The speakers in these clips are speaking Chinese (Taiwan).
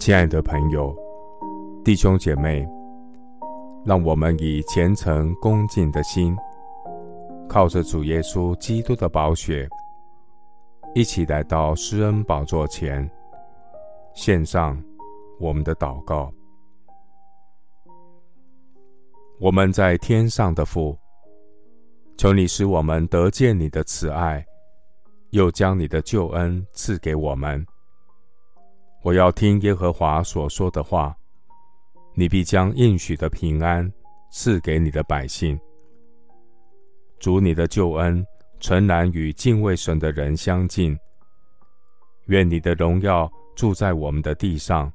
親愛的朋友、弟兄姐妹，讓我們以虔誠恭敬的心，靠着主耶穌基督的寶血，一起來到施恩寶座前，獻上我們的禱告。我們在天上的父，求你使我們得見你的慈愛，又將你的救恩賜給我們。我要聽耶和華所說的話，你必將應許的平安賜給你的百姓。主，你的救恩誠然與敬畏神的人相近，願你的榮耀住在我們的地上，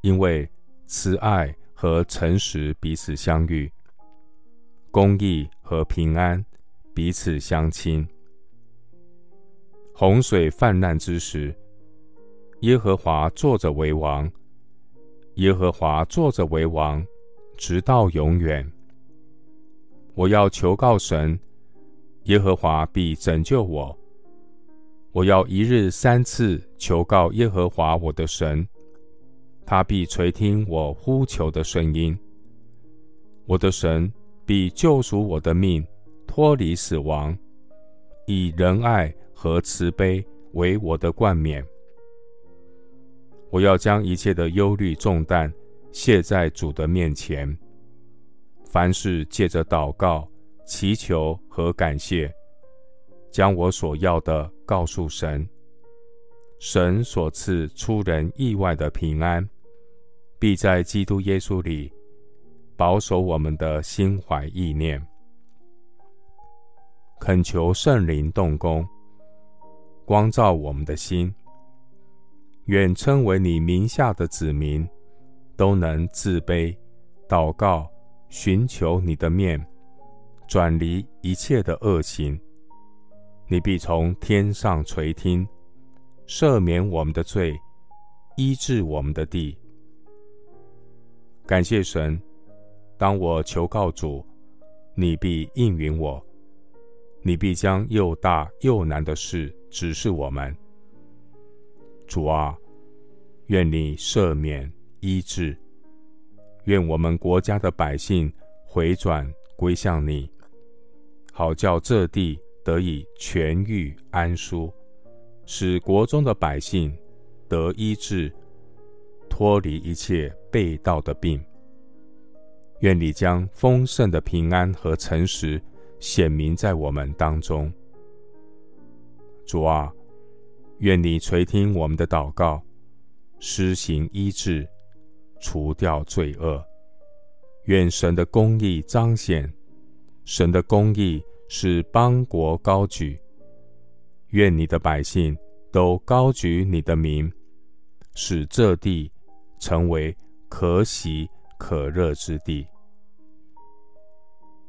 因為慈愛和誠實彼此相遇，公義和平安彼此相親。洪水泛濫之時，耶和華坐着為王，耶和華坐着為王，直到永遠。我要求告神，耶和華必拯救我。我要一日三次求告耶和華我的神，他必垂聽我呼求的聲音。我的神必救贖我的命，脫離死亡，以仁愛和慈悲為我的冠冕。我要將一切的憂慮重擔卸在主的面前。凡事借着禱告、祈求和感謝，將我所要的告訴神。神所賜出人意外的平安，必在基督耶穌裡保守我們的心懷意念。懇求聖靈動工，光照我們的心。願稱為你名下的子民，都能自卑、禱告、尋求你的面，轉離一切的惡行。你必從天上垂聽，赦免我們的罪，醫治我們的地。感謝神，當我求告主，你必應允我。你必將又大又難的事指示我們。主啊，願你赦免醫治，願我們國家的百姓回轉歸向你，好叫這地得以痊癒安舒，使國中的百姓得醫治，脫離一切被盜的病。願你將豐盛的平安和誠實顯明在我們當中，主啊。願你垂聽我們的禱告，施行醫治，除掉罪惡。願神的公義彰顯，神的公義使邦國高舉。願你的百姓都高舉你的名，使這地成為可喜可樂之地。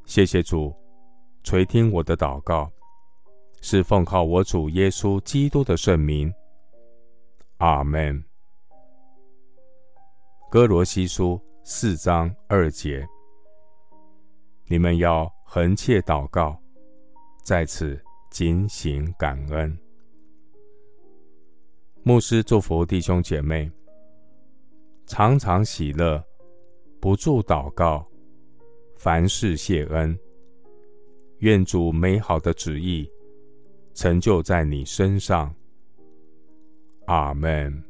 謝謝主，垂聽我的禱告。是奉靠我主耶穌基督的聖名，阿門。歌羅西書四章二節，你們要恆切禱告，在此儆醒感恩。牧師祝福弟兄姐妹，常常喜樂，不住禱告，凡事謝恩。願主美好的旨意。成就在你身上。阿門。